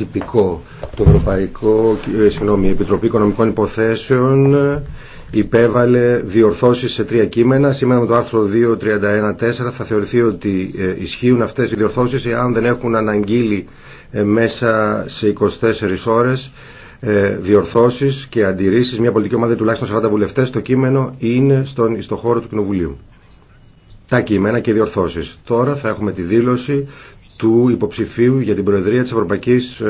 τυπικό. Το Ευρωπαϊκό, ε, συγγνώμη, Επιτροπή Οικονομικών Υποθέσεων ε, υπέβαλε διορθώσεις σε τρία κείμενα. Σήμερα με το άρθρο 2.31.4 θα θεωρηθεί ότι ε, ισχύουν αυτές οι διορθώσεις αν δεν έχουν αναγγείλει μέσα σε 24 ώρες διορθώσεις και αντιρρήσεις. Μια πολιτική ομάδα τουλάχιστον 40 βουλευτές. Το κείμενο είναι στον, στο χώρο του Κοινοβουλίου. Τα κείμενα και οι διορθώσεις. Τώρα θα έχουμε τη δήλωση του υποψηφίου για την Προεδρία της Ευρωπαϊκής